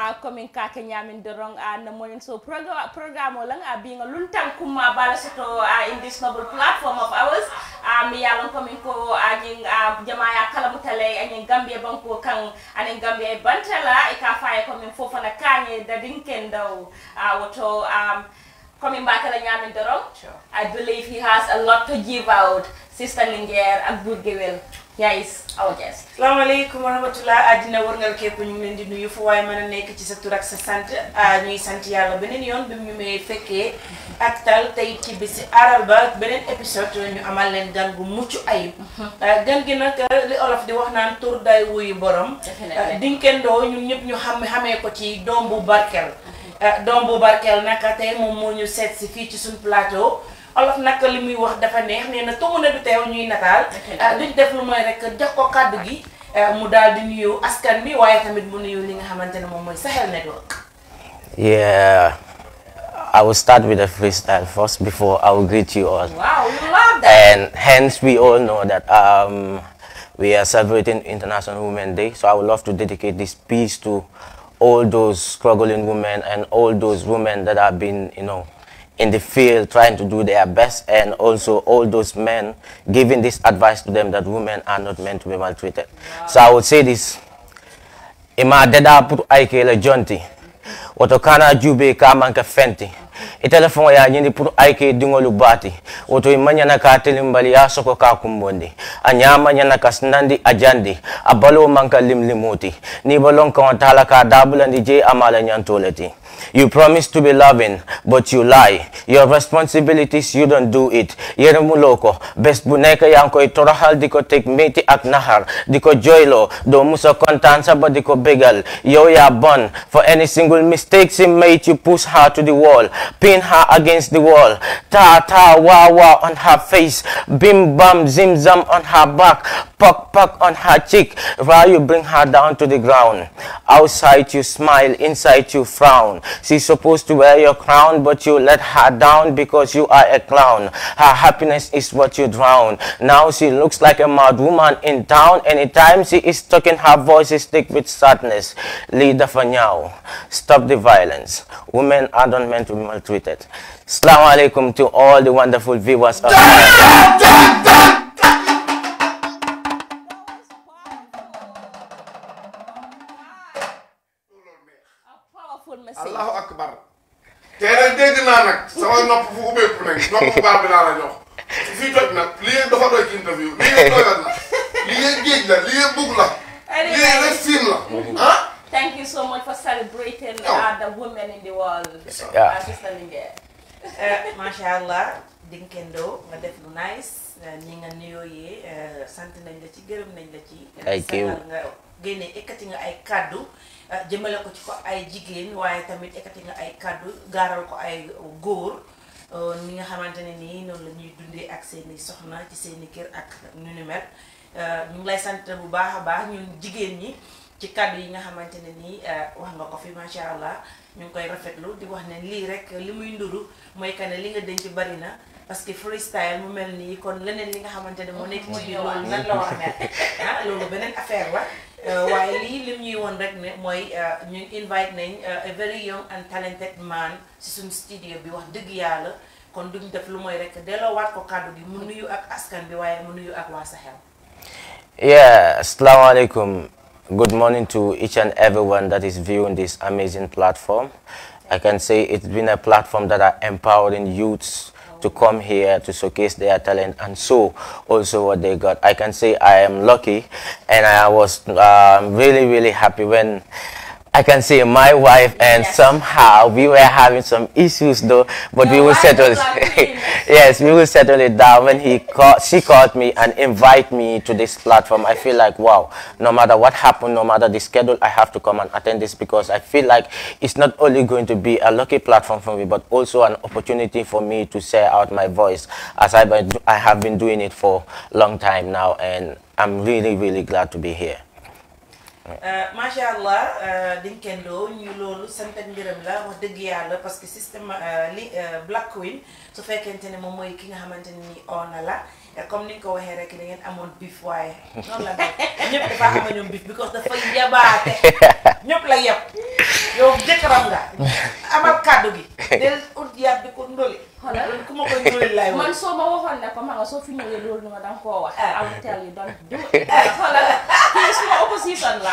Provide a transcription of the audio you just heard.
a komin kake ñamin de rong a so programme o lang a luntan bala in this noble platform of ours yalon ko jamaya gambia banko gambia bantala e ka da dinken daw coming back Nyamin Dorong. Sure. I believe he has a lot to give out, Sister A good Budgewil. yaay is awa jaas salaamaaleykum wa rahmatulah àddina wërngal képp ñu ngi leen di nuyu fu waaye mën a nekk ci sa tur ak sa sant ah, ñuy sant yàlla beneen yoon bi mu may fekkee ak tal tey ci bisi ba beneen épisode ñu amal leen gan gu mucc ayib mhm. ah, gan gi nag ah, li olof di wax naan tur day wuyu borom dinkendoo ñun ñëpp ñu xam xame ko ci doom bu barkel mhm. doom bu barkel naka tey moom moo ñu seet si fii ci suñ plateau olof nag li muy wax dafa neex nee na na du teew ñuy euh, duñ def lu mooy rek jox ko kàddu gi euh, mu daal di nuyu askan bi waaye tamit mu nuyu li nga xamante ne moom mooy Sahel Network yeah I will start with a freestyle first before I will greet you all. Wow, you love that. And hence we all know that um, we are celebrating International Women's Day. So I would love to dedicate this piece to all those struggling women and all those women that have been, you know, in the field trying to do their best and also all those men giving this advice to them that women are not meant to be maltreated. Wow. So I would say this. Ima deda putu aike le jonti. Watokana jube kama nke fenti. itelefon ya nyindi pour ayke dingolu bati woto imanyana ka telimbali ya soko ka kumbondi anyama nyana ka snandi ajandi abalo manka limlimoti ni balon ka tala ka dabulandi je amala nyantoleti You promise to be loving, but you lie. Your responsibilities, you don't do it. Yere muloko, best buneka yang koy torahal di take meti ak nahar, diko joylo, do musa kontan ba diko begal. Yo ya bon, for any single mistakes he made, you push her to the wall, pin her against the wall. Ta ta wa wa on her face, bim bam zim zam on her back, puck puck on her cheek, while you bring her down to the ground. Outside you smile, inside you frown. She's supposed to wear your crown, but you let her down because you are a clown. Her happiness is what you drown. Now she looks like a mad woman in town. Anytime she is talking, her voice is thick with sadness. Leader for now, stop the violence. Women are not meant to be maltreated. Assalamu alaikum to all the wonderful viewers of ma sëy allahu akbar dégg sama nopp fu nopp bi laa la jox fi jot li ngeen dafa doy ci interview li ngeen doyal la li ngeen géej la li ngeen bugg la li ngeen rek la ah? Thank you so much for celebrating the women in the world. Yeah. Eh, macha allah di kendo nga def lu nice eh, ni nga nuyoyee eh, sant nañ la ci gërëm nañ la ci. ay kéew nga génne ekkati nga ay kaddu jëmale ko ci ko ay jigéen waaye tamit ekkati nga ay kaddu gaaral ko ay góor ni nga xamante ne nii noonu la ñuy dundee ak seeni soxna ci seeni kër ak mel ñu lay sant bu baax baax ñun jigéen ñi ci kaddu yi nga xamante wax nga ko fi ñung ngi koy rafetlu di wax ne lii rek li muy nduru mooy que ne li nga denc bari na parce que freestyle mu mel kon leneen li nga xamante ne moo nekk ci biir loolu nan la war a mel ah loolu beneen affaire la euh, waaye lii lim ñuy woon rek ne mooy euh, ñu invite nañ euh, a very young and talented man si suñu studio bi wax dëgg yàlla kon duñ def lu mooy rek delloowaat ko kàddu gi mu nuyu ak askan bi waaye mu nuyu ak waa Sahel. yeah asalaamaaleykum. Good morning to each and everyone that is viewing this amazing platform. I can say it's been a platform that are empowering youths to come here to showcase their talent and so also what they got. I can say I am lucky and I was um, really, really happy when I can say my wife and yes. somehow we were having some issues though, but we will settle. yes, we will settle it down. When he called, she called me and invite me to this platform. I feel like wow, no matter what happened, no matter the schedule, I have to come and attend this because I feel like it's not only going to be a lucky platform for me, but also an opportunity for me to share out my voice as I I have been doing it for a long time now, and I'm really really glad to be here. Euh, macha allah euh, dañ kenn doo ñu loolu sant ak la wax dëgg yàlla parce que système euh, li Black Queen su fekkente ne moom mooy ki nga xamante ni ona la comme ni nga ko waxee rek da ngeen amoon bif waaye noonu la nag ñëpp dafa ama ñoom bif because dafa yabaate ñëpp la yeb yow jëkkëram nga amal kàddu gi del ut yàb ko xoolal ku ma koy ndóli laay man soo ma waxoon ne ko ma nga soo fi loolu nu ma danga koo wax ah. I tell you don't do it xoolal kii suma opposition